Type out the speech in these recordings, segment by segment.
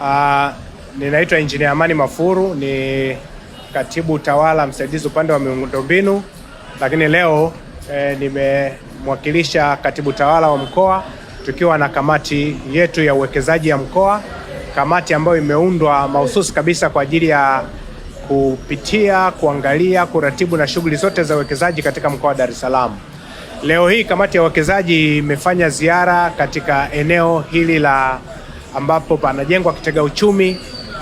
Uh, ninaitwa Injinia Amani Mafuru, ni katibu utawala msaidizi upande wa miundombinu, lakini leo eh, nimemwakilisha katibu tawala wa mkoa tukiwa na kamati yetu ya uwekezaji ya mkoa, kamati ambayo imeundwa mahususi kabisa kwa ajili ya kupitia, kuangalia, kuratibu na shughuli zote za uwekezaji katika mkoa wa Dar es Salaam. Leo hii kamati ya uwekezaji imefanya ziara katika eneo hili la ambapo panajengwa kitega uchumi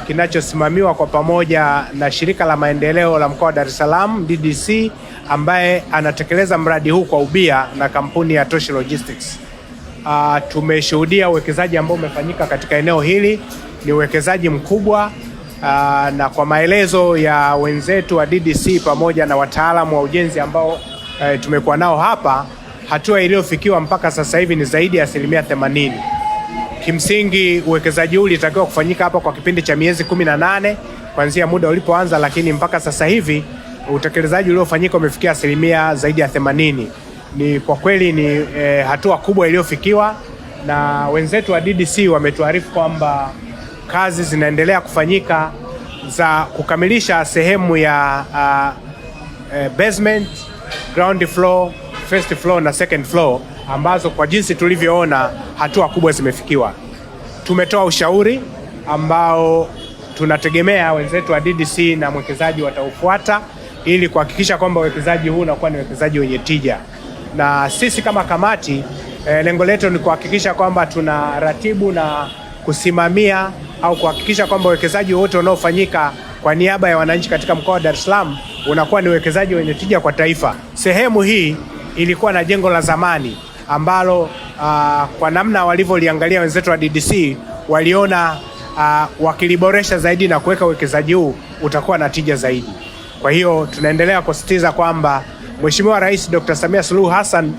kinachosimamiwa kwa pamoja na shirika la maendeleo la mkoa wa Dar es Salaam DDC, ambaye anatekeleza mradi huu kwa ubia na kampuni ya Toshi Logistics. Uh, tumeshuhudia uwekezaji ambao umefanyika katika eneo hili, ni uwekezaji mkubwa uh, na kwa maelezo ya wenzetu wa DDC pamoja na wataalamu wa ujenzi ambao uh, tumekuwa nao hapa, hatua iliyofikiwa mpaka sasa hivi ni zaidi ya asilimia 80. Kimsingi uwekezaji huu ulitakiwa kufanyika hapa kwa kipindi cha miezi kumi na nane kuanzia muda ulipoanza, lakini mpaka sasa hivi utekelezaji uliofanyika umefikia asilimia zaidi ya themanini. Ni kwa kweli ni e, hatua kubwa iliyofikiwa na wenzetu wa DDC wametuarifu kwamba kazi zinaendelea kufanyika za kukamilisha sehemu ya uh, uh, basement, ground floor, first floor na second floor ambazo kwa jinsi tulivyoona hatua kubwa zimefikiwa tumetoa ushauri ambao tunategemea wenzetu wa DDC na mwekezaji wataufuata ili kuhakikisha kwamba uwekezaji huu unakuwa ni uwekezaji wenye tija. Na sisi kama kamati e, lengo letu ni kuhakikisha kwamba tuna ratibu na kusimamia au kuhakikisha kwamba uwekezaji wote unaofanyika kwa niaba ya wananchi katika mkoa wa Dar es Salaam unakuwa ni uwekezaji wenye tija kwa taifa. Sehemu hii ilikuwa na jengo la zamani ambalo uh, kwa namna walivyoliangalia wenzetu wa DDC waliona uh, wakiliboresha zaidi na kuweka uwekezaji huu utakuwa na tija zaidi. Kwa hiyo tunaendelea kusisitiza kwamba Mheshimiwa Rais Dr. Samia Suluhu Hassan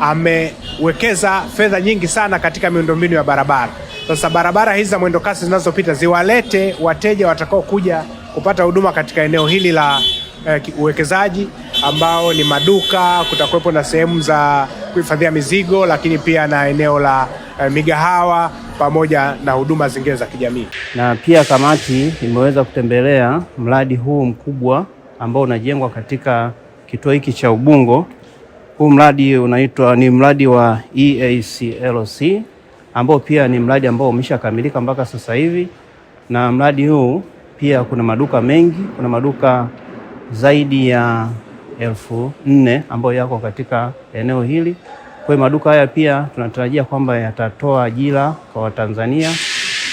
amewekeza fedha nyingi sana katika miundombinu ya barabara. Sasa barabara hizi za mwendokasi zinazopita ziwalete wateja watakaokuja kupata huduma katika eneo hili la eh, uwekezaji ambao ni maduka, kutakuwepo na sehemu za kuhifadhia mizigo, lakini pia na eneo la eh, migahawa pamoja na huduma zingine za kijamii. Na pia kamati imeweza kutembelea mradi huu mkubwa ambao unajengwa katika kituo hiki cha Ubungo. Huu mradi unaitwa ni mradi wa EACLC ambao pia ni mradi ambao umeshakamilika mpaka sasa hivi, na mradi huu pia kuna maduka mengi, kuna maduka zaidi ya elfu nne ambayo yako katika eneo hili. Kwa hiyo maduka haya pia tunatarajia kwamba yatatoa ajira kwa Watanzania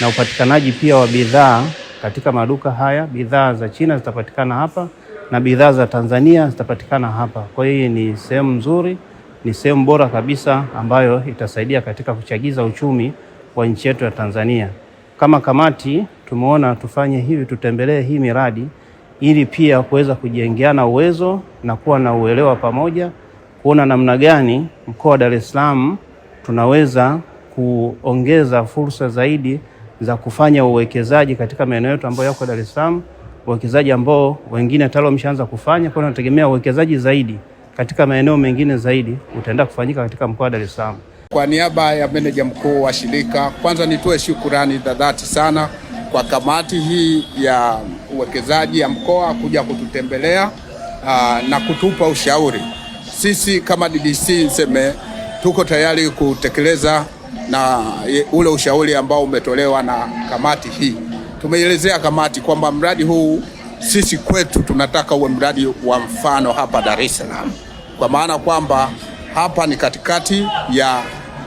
na upatikanaji pia wa bidhaa katika maduka haya. Bidhaa za China zitapatikana hapa na bidhaa za Tanzania zitapatikana hapa. Kwa hiyo ni sehemu nzuri, ni sehemu bora kabisa ambayo itasaidia katika kuchagiza uchumi wa nchi yetu ya Tanzania. Kama kamati tumeona tufanye hivi, tutembelee hii miradi ili pia kuweza kujengeana uwezo na kuwa na uelewa pamoja, kuona namna gani mkoa wa Dar es Salaam tunaweza kuongeza fursa zaidi za kufanya uwekezaji katika maeneo yetu ambayo yako Dar es Salaam, uwekezaji ambao wengine tayari wameshaanza kufanya. Kwa hiyo tunategemea uwekezaji zaidi katika maeneo mengine zaidi utaenda kufanyika katika mkoa wa Dar es Salaam. Kwa niaba ya meneja mkuu wa shirika, kwanza nitoe shukurani za dhati sana kwa kamati hii ya uwekezaji ya mkoa kuja kututembelea uh, na kutupa ushauri. Sisi kama DDC nseme tuko tayari kutekeleza na ule ushauri ambao umetolewa na kamati hii. Tumeelezea kamati kwamba mradi huu sisi kwetu tunataka uwe mradi wa mfano hapa Dar es Salaam, kwa maana kwamba hapa ni katikati ya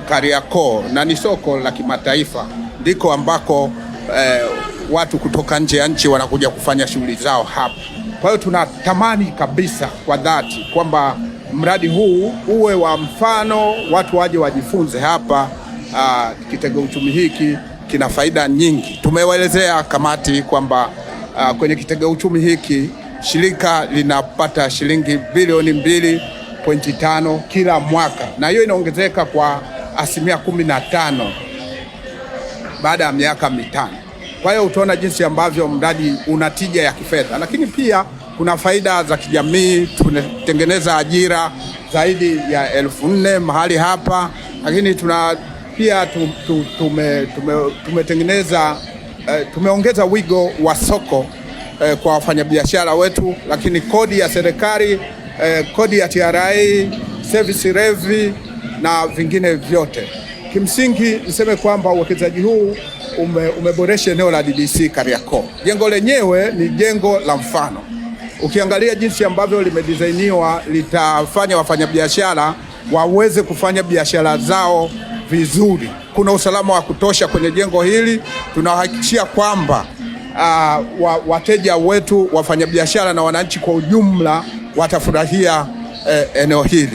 Kariakoo na ni soko la kimataifa, ndiko ambako eh, watu kutoka nje ya nchi wanakuja kufanya shughuli zao hapa. Kwa hiyo tunatamani kabisa kwa dhati kwamba mradi huu uwe wa mfano, watu waje wajifunze hapa. Aa, ah, kitega uchumi hiki kina faida nyingi. Tumewaelezea kamati kwamba aa, ah, kwenye kitega uchumi hiki shirika linapata shilingi bilioni mbili pointi tano kila mwaka na hiyo inaongezeka kwa asilimia kumi na tano baada ya miaka mitano. Kwa hiyo utaona jinsi ambavyo mradi una tija ya kifedha, lakini pia kuna faida za kijamii. Tunatengeneza ajira zaidi ya elfu nne mahali hapa, lakini tuna pia tumetengeneza tume, tume eh, tumeongeza wigo wa soko eh, kwa wafanyabiashara wetu, lakini kodi ya serikali eh, kodi ya TRA, service revenue na vingine vyote. Kimsingi niseme kwamba uwekezaji huu ume, umeboresha eneo la DDC Kariakoo. Jengo lenyewe ni jengo la mfano, ukiangalia jinsi ambavyo limedisainiwa litafanya wafanyabiashara waweze kufanya biashara zao vizuri. Kuna usalama wa kutosha kwenye jengo hili, tunahakikishia kwamba uh, wa, wateja wetu, wafanyabiashara na wananchi kwa ujumla watafurahia eh, eneo hili.